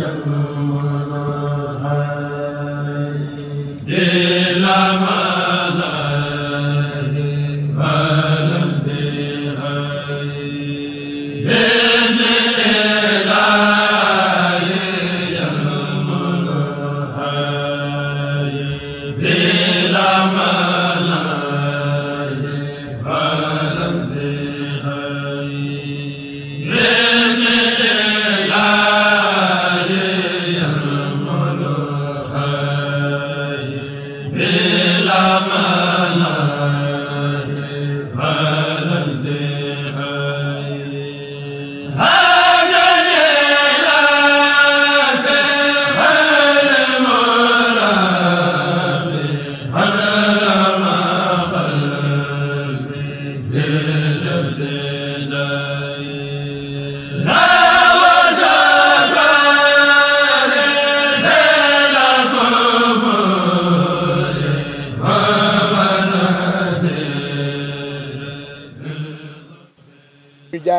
yàlla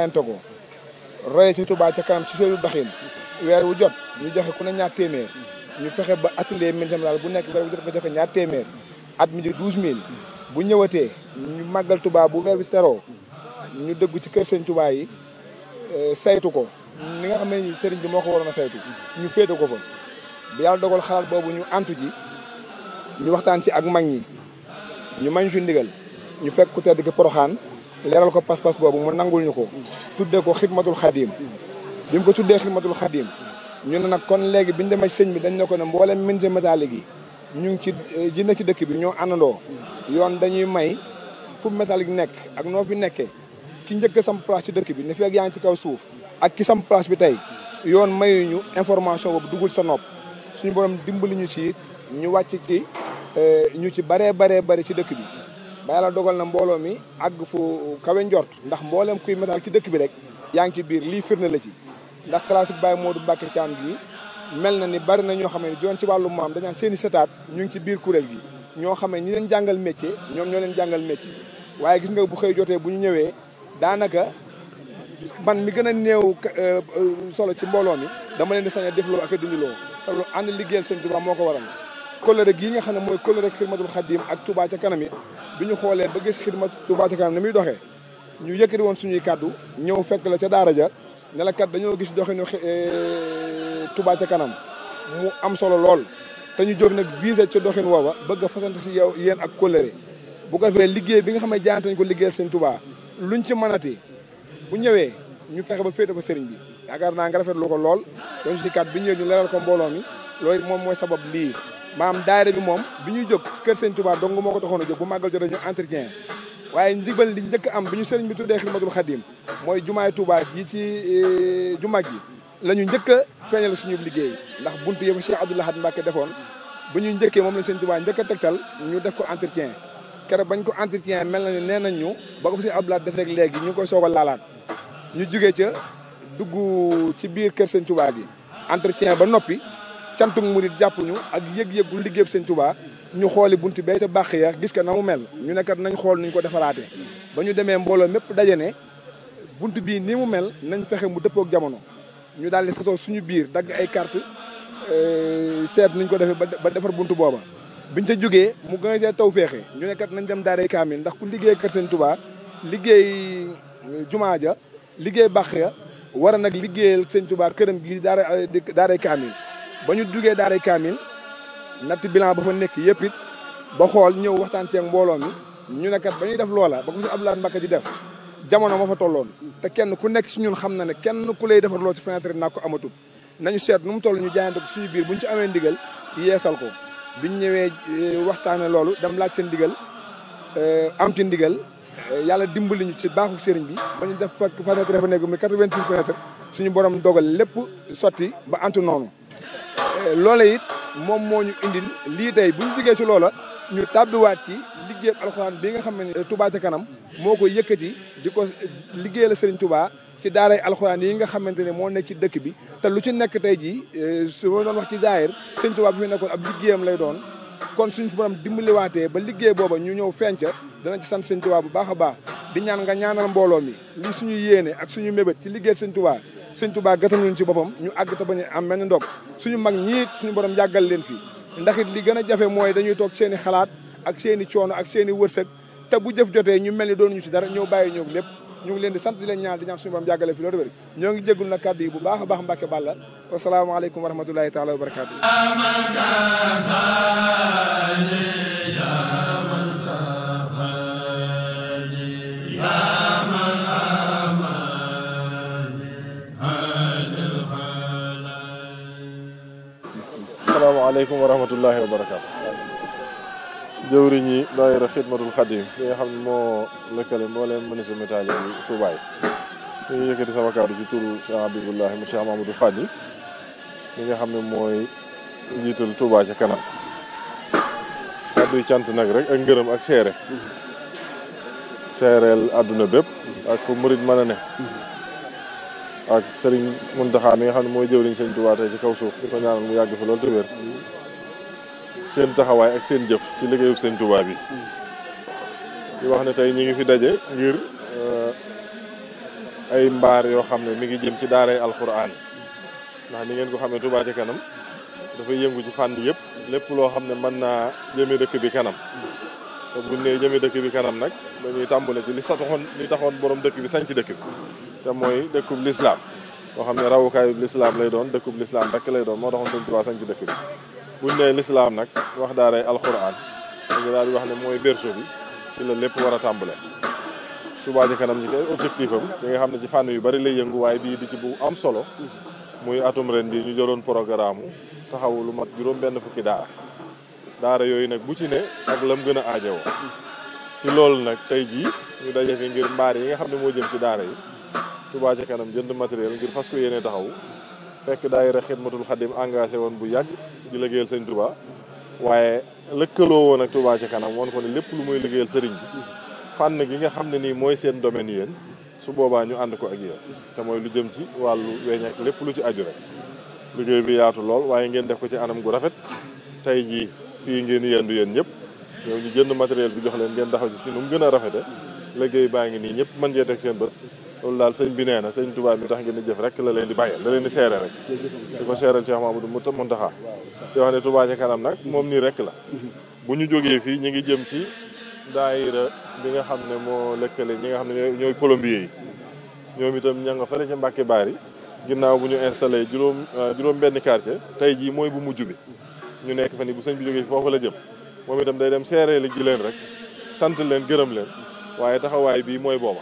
jaayante ko roye ci Touba ca kanam ci seenu doxin weer wu jot ñu joxe ku ne ñaar téeméer ñu fexe ba atelier ménage daal bu nekk weer wu jot nga joxe ñaar téeméer at mi ji douze mille bu ñëwatee ñu màggal Touba bu weer bi teroo ñu dëgg ci kër sëñ Touba yi e, saytu ko li nga xam ne sëriñ bi moo ko waroon a saytu ñu féete ko fa bi yàlla dogal xalaat boobu ñu antu ji ñu waxtaan ci ak mag ñi ñu mañ fi ñu fekk ku tedd leeral ko pas-pas boobu mu nangul ñu ko tuddee ko xidmatul xadim bi mu ko tuddee xidmatul xadim ñu ne nag kon léegi biñu demee sëñ bi dañ ne ko ne mboolem menuisier métallique yi ñu ngi ci ji na ci dëkk bi ñoo àndandoo yoon dañuy may fu métallique nekk ak noo fi nekkee ki njëkk sam place ci dëkk bi ne fekk yaa ngi ci kaw suuf ak ki sam place bi tey yoon mayuñu information boobu duggul sa nopp suñu borom dimbali ñu ci ñu wàcc ci eh, ñu ci baree baree bari ci dëkk bi ba yàlla dogal na mbooloo mi àgg fu kawe njort ndax mbooleem kuy métal ci dëkk bi rek yaa ngi ci biir lii firnde la ci ndax classique moo du Mbacké Thiam gii mel na ni bari na ñoo xam ne doon ci wàllu maam dañaan seen i setaat ñu ngi ci biir kuréel gi ñoo xam ne ñi leen jàngal métier ñoom ñoo leen jàngal métier waaye gis nga bu xëy jotee bu ñu ñëwee daanaka man mi gën a néew euh, solo ci mbooloo mi dama leen di sañ a defloo ak a dindiloo te lu ànd liggéeyal seen Tuubaa moo ko waral kóllëre gii nga xam ne mooy kóllëre Xidmatul Xaadim ak Tuubaa ca kanam it bi ñu xoolee ba gis xidma Touba ca kanam ni muy doxee ñu yëkkati woon suñuy kàddu ñëw fekk la ca daara ja ne la kat dañoo gis doxinu eh, Touba ca kanam mu am solo lool te ñu nag visé ca doxin woowa bëgg a fasante si yow yéen ak kóllëre bu ko defee liggéey bi nga xam ne jaante nañ ko liggéeyal sëñ lu ñu ci mënati bu ñëwee ñu fexe ba féete ko sëriñ bi yaakaar naa nga rafetlu ko lool doon si kat bi ñëwee ñu leeral ko mbooloo mi loolu moom mooy sabab lii maam daayira bi moom bi ñuy jóg kër sëñ Touba dong moo ko taxoon a jóg bu màggal jot ñu entretien waaye ndigal li njëkk am bi ñu sëriñ bi tuddee xidmatul xadim mooy jumaay Touba ji ci eh, jumaa ji la ñu njëkk a feeñal suñu liggéey ndax buntu yëpp si Abdou Lahad Mbacké defoon bu ñu njëkkee moom lañ seen Touba njëkk a tegtal ñu def ko entretien keroog bañ ko entretien mel nañu ne nee nañ ñu ba si fa def rek léegi ñu ngi koy soog a laalaat ñu jugee ca dugg ci biir kër sëñ Touba entretien ba noppi cantuk murit jàppuñu ak yëg yëgul bu liggéeyub tubaa ñu xooli bunt bee ca bàq ya gis ka na mu mel ñu ne kat nañ xool nuñ ko defaraatee ba ñu demee mbooloo mépp daje ne bunt bii ni mu mel nañ fexe mu dëppook jamono ñu daal di sasoo suñu biir dagg ay carte euh, seet nuñ ko defee ba defar bunt booba biñ ca jógee mu gën a see taw féexe ñu ne kat nañ dem daaray kaamil ndax ku liggéey kat sëñ tubaa liggéey euh, jumaa ja liggéey bàq ya war a nag liggéeyal sëñ Tuubaa këram gi daaray daaray kaamil ba ñu jugee daaray kaamil natt bilan ba fa nekk yëpp it ba xool ñëw waxtaan ceeg mbooloo mi ñu nekkat ba ñuy def loola ba ko si Abdoulaye Mbacké di def jamono moo fa tolloon te kenn ku nekk si ñun xam na ne kenn ku lay defar loo ci fenêtre naa ko amatul nañu seet nu mu toll ñu jaayante ko suñu biir bu ci amee ndigal yeesal ko biñ ñëwee eh, waxtaane loolu dem laaj ca ndigal eh, am ci ndigal eh, yàlla dimbali ñu ci baaxu sëriñ bi ba ñu def fenêtre fa nekk muy 86 fenêtre suñu borom dogal lépp sotti ba antu noonu Euh, loola it moom moo ñu indil lii tey bu ñu jigee ci loola ñu tàbbiwaat ci liggéeyam alxuraan bi nga xam ne tubaat ca kanam moo ko yëkkati di ko liggéey la Serigne Touba ci daaray alxuraan yi nga xamante ne moo nekk ci dëkk bi te lu ci nekk tey jii euh, su ma doon wax ci zaahir Serigne Touba bu fi nekkoon ab liggéeyam lay doon kon suñu borom dimbaliwaatee ba liggéey booba ñu ñëw fenca dana ci sant Serigne Touba bu baax a baax di ñaan nga ñaanal mbooloo mi li yéene ak suñu mébét ci liggéey Serigne sëñ Tuubaa gëtanuñ ci boppam ñu àgg te bañ am benn ndog suñu mag ñiit suñu borom yàggal leen fii ndax it li gën a jafe mooy dañuy toog seeni xalaat ak seeni i coono ak seeni i wërsëg te bu jëf jotee ñu mel ni doon ñu ci dara ñëw bàyyi ñoog lépp ñu ngi leen di sant di leen ñaan di ñaan suñu borom yàggale fi loolu wér ñoo ngi jéggul na kàddu bu baax a baax Mbàkke Bàlla wasalaamaaleykum wa rahmatullahi taala wa barakaatu asalaamaaleykum wa rahmatullahi wa barakaatu. jëwriñ yi daayira xidmatul xadim bi nga xam ne moo lëkkale mbooleem leen mën yi Touba tuubaay ñu yëkkati sama kàddu mu Cheikh Mamadou Fadi yi nga xam ne mooy njiital Touba ca kanam kàddu cant nag rek ak ngërëm ak seere seereel àdduna bépp ak fu murit mën a ne ak sëriñ Muntaxa mi nga xam ne mooy jëwriñ seen Tuubaa tey ci kaw suuf di ko ñaanal mu yàgg fi loolu te wér seen taxawaay ak seen jëf ci liggéeyub sëñ Tuubaa bi di wax ne tey ñi ngi fi daje ngir euh, ay mbaar yoo xam ne mi ngi jëm ci daaray alxuraan ndax ni ngeen ko xamee Tuubaa ci kanam dafay yëngu ci fànn yëpp lépp loo xam ne mën naa jëme dëkk bi kanam te buñ ne jëme dëkk bi kanam nag dañuy tàmbale ci li sa taxoon li taxoon borom dëkk bi sañ ci dëkk bi te mooy dëkkub lislaam boo xam ne rawukaayu lislaam lay doon dëkkub lislaam rek lay doon moo taxoon sëñ Tuubaa sañ ci dëkk bi buñ nee lislaam nag wax daaray alquran dañu daal di wax ne mooy berceau bi ci la lépp war a tàmbale Touba Ca Kanam ñi koy objectif am yi nga xam ne ci fànn yu bari lay yënguwaay bii di ci bu am solo muy atum ren bi ñu jëloon programme taxawu lu mat juróom benn fukki daara daara yooyu nag bu ci ne ak lam gën a aajowoo ci loolu nag tey jii ñu daje ngir mbaar yi nga xam ne moo jëm ci daara yi Touba ca kanam jënd matériel ngir fas ko yéene taxaw fekk daayira Xidmatul Xadim engagé woon bu yàgg di liggéeyal sëñ Touba waaye lëkkaloo woon ak Touba ca kanam woon ko ne lépp lu muy liggéeyal sëriñ bi fànn gi nga xam ne nii mooy seen domaine yéen su boobaa ñu ànd ko ak yéen te mooy lu jëm ci wàllu weñ ak lépp lu ci aju rek liggéey bi yaatu lool waaye ngeen def ko ci anam gu rafet tey jii fii ngeen yendu yéen ñëpp yow ñu jënd matériel bi jox leen ngeen taxaw ci ci nu mu gën a rafete liggéey baa ngi nii ñëpp mën cee teg seen bët loolu daal sëñ bi nee na sëñ Tuubaa mi tax ngeen di jëf rek la leen di bàyyeel la leen di seere rek di ko seeral Cheikh Mamadou Mountakha di wax ne tubaa ca kanam nag moom nii rek la bu ñu jógee fii ñu ngi jëm ci daayira bi nga xam ne moo lëkkale ñi nga xam ne ñooy plombier yi ñoom itam ña nga fële ca baar yi ginnaaw bu ñu installé juróom euh, juróom benn quartier tey jii mooy bu mujj bi ñu nekk fa ni bu sëñ bi jógee foofu la jëm moom itam day dem seeree li ji leen rek sant leen gërëm leen waaye taxawaay bii mooy booba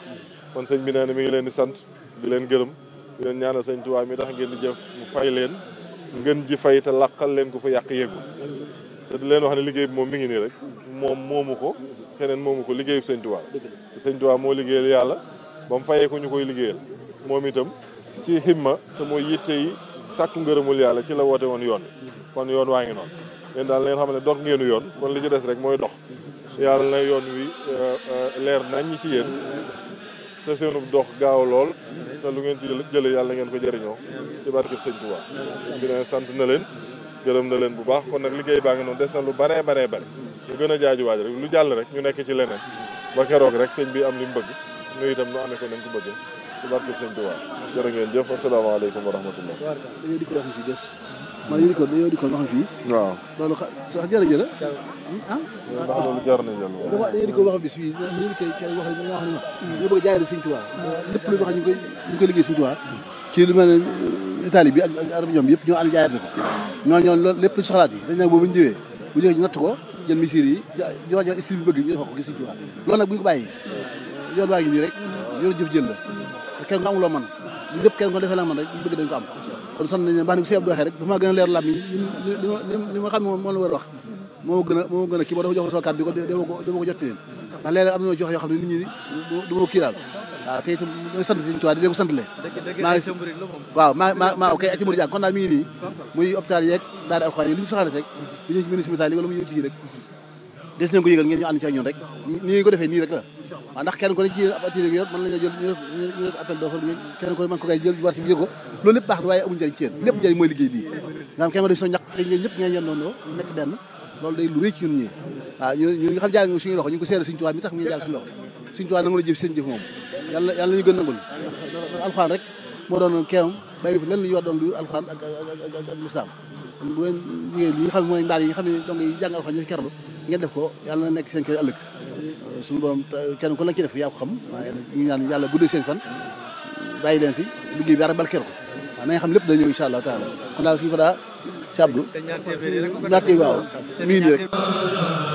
kon sëñ bi nee na mi ngi leen di sant di leen gërëm di leen ñaanal sëñ Tuubaa mi tax ngeen di jëf mu fay leen ngeen ji fay te làqal leen ko fa yàq yéegu te di leen wax ne liggéey bi moom mi ngi nii rek moom moomu ko keneen moomu ko liggéey sëñ Tuubaa sëñ Tuubaa moo liggéeyal yàlla ba fayee ko ñu koy liggéeyal moom itam ci himma te mooy yitte yi sàkku ngërëmul yàlla ci la woote woon yoon kon yoon waa ngi noonu yéen daal leen xam ne dog ngeenu yoon kon li ci des rek mooy dox yàlla na yoon wi euh, euh, leer nañ ci yéen te seenu dox gaaw lool te lu ngeen ci jële yàlla ngeen ko jëriñoo ci barkeb sëñ Tuubaa bi ne sant na leen jërëm na leen bu baax kon nag liggéey baa ngi noonu des na lu baree baree bare ñu gën a jaajuwaaj rek lu jàll rek ñu nekk ci leneen ba keroog rek sëñ bi am li mu bëgg nu itam nu amee ko nañ ko bëggee ci barkeb sëñ Tuubaa jërë ngeen jëf asalaamaaleykum wa rahmatullah man yu ni ko yow di ko wax fii. waaw loolu sax jërëjëf la. ah waaw ah? loolu jar na jël. waaw yow di ko wax bis fii ñu ngi koy kenn wax ñu wax ñu. ñu bëgg jaay Sëñ Tuubaa. lépp lu wax ñu koy ñu koy liggéey Sëñ Tuubaa. ci lu mel ne euh, Italie bi ak ak arab ñoom yëpp ñoo ànd jaayat na ko. ñoo ñoo loolu lépp soxlaat yi dañ ne boobu ñu ñëwee bu ñëwee ñu natt ko jël misir yi jox jox style bi bëgg ñu defal ko gis Sëñ Tuubaa loolu nag bu ñu ko bàyyi yoon waa ngi nii rek yoonu jëf jël la te kenn ko amuloo man ñëpp kenn ko defee la man rek bëgg dañ ko am kon sant nañ leen baax ni ko si Abdou waxee rek dafa maa gën a leer làmmiñ li ma xam ne moom la war a wax moo gën a moo gën a kii boo dafa jox soo kàddu bi ko dama ko dama ko jotti leen ndax léeg-léeg am na jox yoo xam ne ko kii sant le waaw maa ok ak ci muy hôpital yeeg daara alxuraan yi yi wala mu ñëw ci rek des nañ ni ñu ko defee nii rek waaw ndax kenn ko def appel ko ne mën ko kay na waaye amul njëriñ ci yéen lépp njëriñ mooy liggéey bii nga xam kenn ñëpp ngeen yendoo nekk benn loolu day lu rëy ci ñun ñi waaw ñun nga xam jaar suñu loxo ñu ngi ko seere Sëriñ rek moo doon keewam bàyyi fi lenn lu yor doon lu alxuraan ak ak bu ngeen liggéey li xam mooy ndaal yi nga xam ne donc yi jàng alxuraan ñu kerlu ngeen def ko yàlla na nekk seen kër ëllëg suñu borom kenn ku la ci def yaa ko xam waaye nag ñu ñaan yàlla guddee seen fan bàyyi leen fi liggéey bi yàlla barkeel ko waaw na xam lépp dañu ñëw incha allah taala kon daal suñu fa daa sàbdu ñaar waaw mii nii rek